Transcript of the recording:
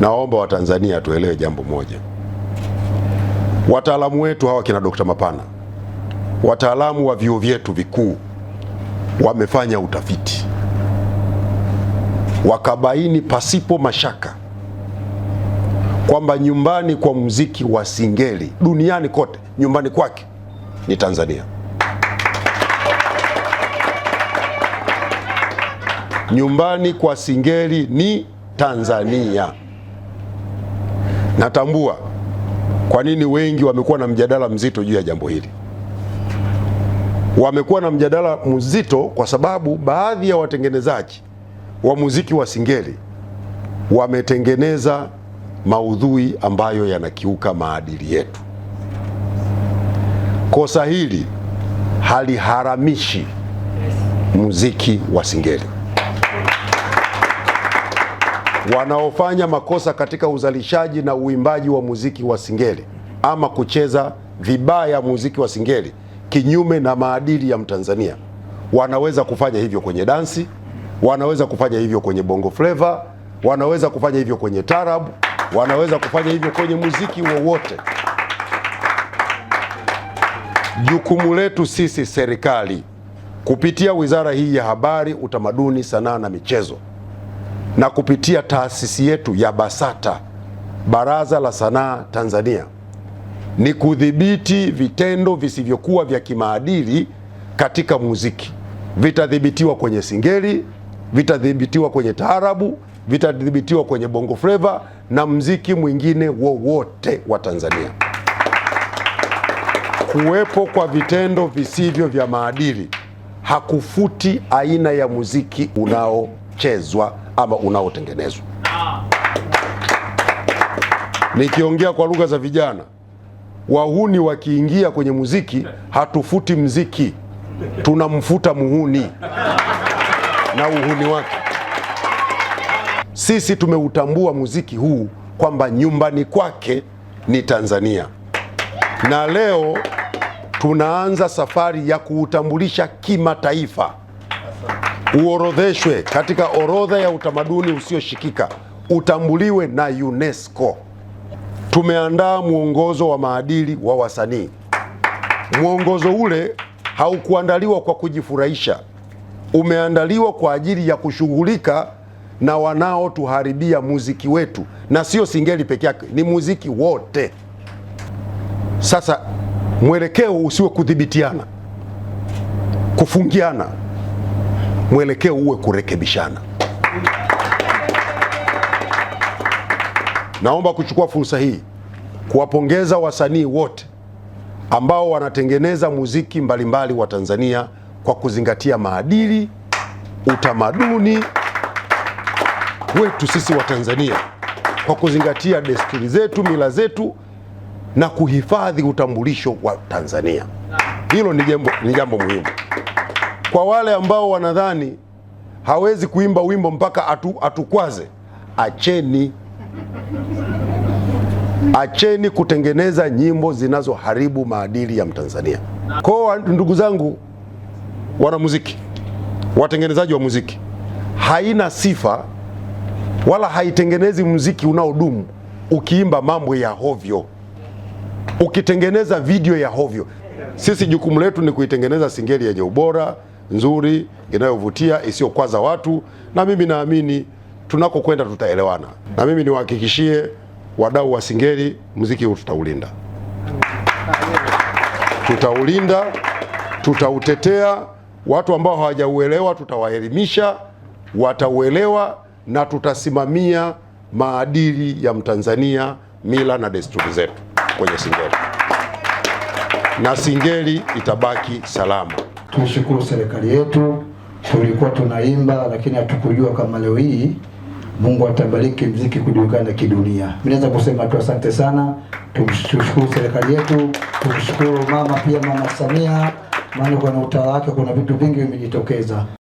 Nawaomba Watanzania tuelewe jambo moja, wataalamu wetu hawa kina Dr. Mapana, wataalamu wa vyuo vyetu vikuu wamefanya utafiti wakabaini pasipo mashaka kwamba nyumbani kwa muziki wa Singeli duniani kote, nyumbani kwake ni Tanzania. Nyumbani kwa Singeli ni Tanzania. Natambua kwa nini wengi wamekuwa na mjadala mzito juu ya jambo hili. Wamekuwa na mjadala mzito kwa sababu baadhi ya watengenezaji wa muziki wa Singeli wametengeneza maudhui ambayo yanakiuka maadili yetu. Kosa hili haliharamishi muziki wa Singeli wanaofanya makosa katika uzalishaji na uimbaji wa muziki wa singeli ama kucheza vibaya muziki wa singeli kinyume na maadili ya Mtanzania. Wanaweza kufanya hivyo kwenye dansi, wanaweza kufanya hivyo kwenye bongo fleva, wanaweza kufanya hivyo kwenye tarabu, wanaweza kufanya hivyo kwenye muziki wowote. Jukumu letu sisi serikali kupitia wizara hii ya Habari, Utamaduni, Sanaa na Michezo na kupitia taasisi yetu ya BASATA, Baraza la Sanaa Tanzania, ni kudhibiti vitendo visivyokuwa vya kimaadili katika muziki. Vitadhibitiwa kwenye singeli, vitadhibitiwa kwenye taarabu, vitadhibitiwa kwenye bongo fleva na mziki mwingine wowote wa Tanzania. Kuwepo kwa vitendo visivyo vya maadili hakufuti aina ya muziki unao unaochezwa ama unaotengenezwa. Nikiongea kwa lugha za vijana, wahuni wakiingia kwenye muziki, hatufuti mziki, tunamfuta muhuni na uhuni wake. Sisi tumeutambua muziki huu kwamba nyumbani kwake ni Tanzania, na leo tunaanza safari ya kuutambulisha kimataifa uorodheshwe katika orodha ya utamaduni usioshikika, utambuliwe na UNESCO. Tumeandaa mwongozo wa maadili wa wasanii. Mwongozo ule haukuandaliwa kwa kujifurahisha, umeandaliwa kwa ajili ya kushughulika na wanaotuharibia muziki wetu, na sio singeli peke yake, ni muziki wote. Sasa mwelekeo usiwe kudhibitiana, kufungiana mwelekeo uwe kurekebishana. Naomba kuchukua fursa hii kuwapongeza wasanii wote ambao wanatengeneza muziki mbalimbali wa Tanzania kwa kuzingatia maadili, utamaduni wetu sisi wa Tanzania, kwa kuzingatia desturi zetu, mila zetu na kuhifadhi utambulisho wa Tanzania. Hilo ni jambo, ni jambo muhimu. Kwa wale ambao wanadhani hawezi kuimba wimbo mpaka atu, atukwaze, acheni acheni kutengeneza nyimbo zinazoharibu maadili ya Mtanzania. Kwa ndugu zangu wanamuziki, watengenezaji wa muziki, haina sifa wala haitengenezi muziki unaodumu ukiimba mambo ya hovyo, ukitengeneza video ya hovyo. Sisi jukumu letu ni kuitengeneza singeli yenye ubora, nzuri inayovutia isiyokwaza watu, na mimi naamini tunakokwenda tutaelewana, na mimi niwahakikishie wadau wa Singeli, muziki huu tutaulinda, tutaulinda, tutautetea. Watu ambao hawajauelewa tutawaelimisha, watauelewa, na tutasimamia maadili ya Mtanzania, mila na desturi zetu kwenye Singeli, na Singeli itabaki salama tuishukuru serikali yetu. Tulikuwa tunaimba lakini hatukujua kama leo hii Mungu atabariki mziki kujulikana kidunia. Mimi naweza kusema tu asante sana, tumshukuru serikali yetu, tumshukuru mama pia, Mama Samia, maana kwa utawala wake kuna vitu vingi vimejitokeza.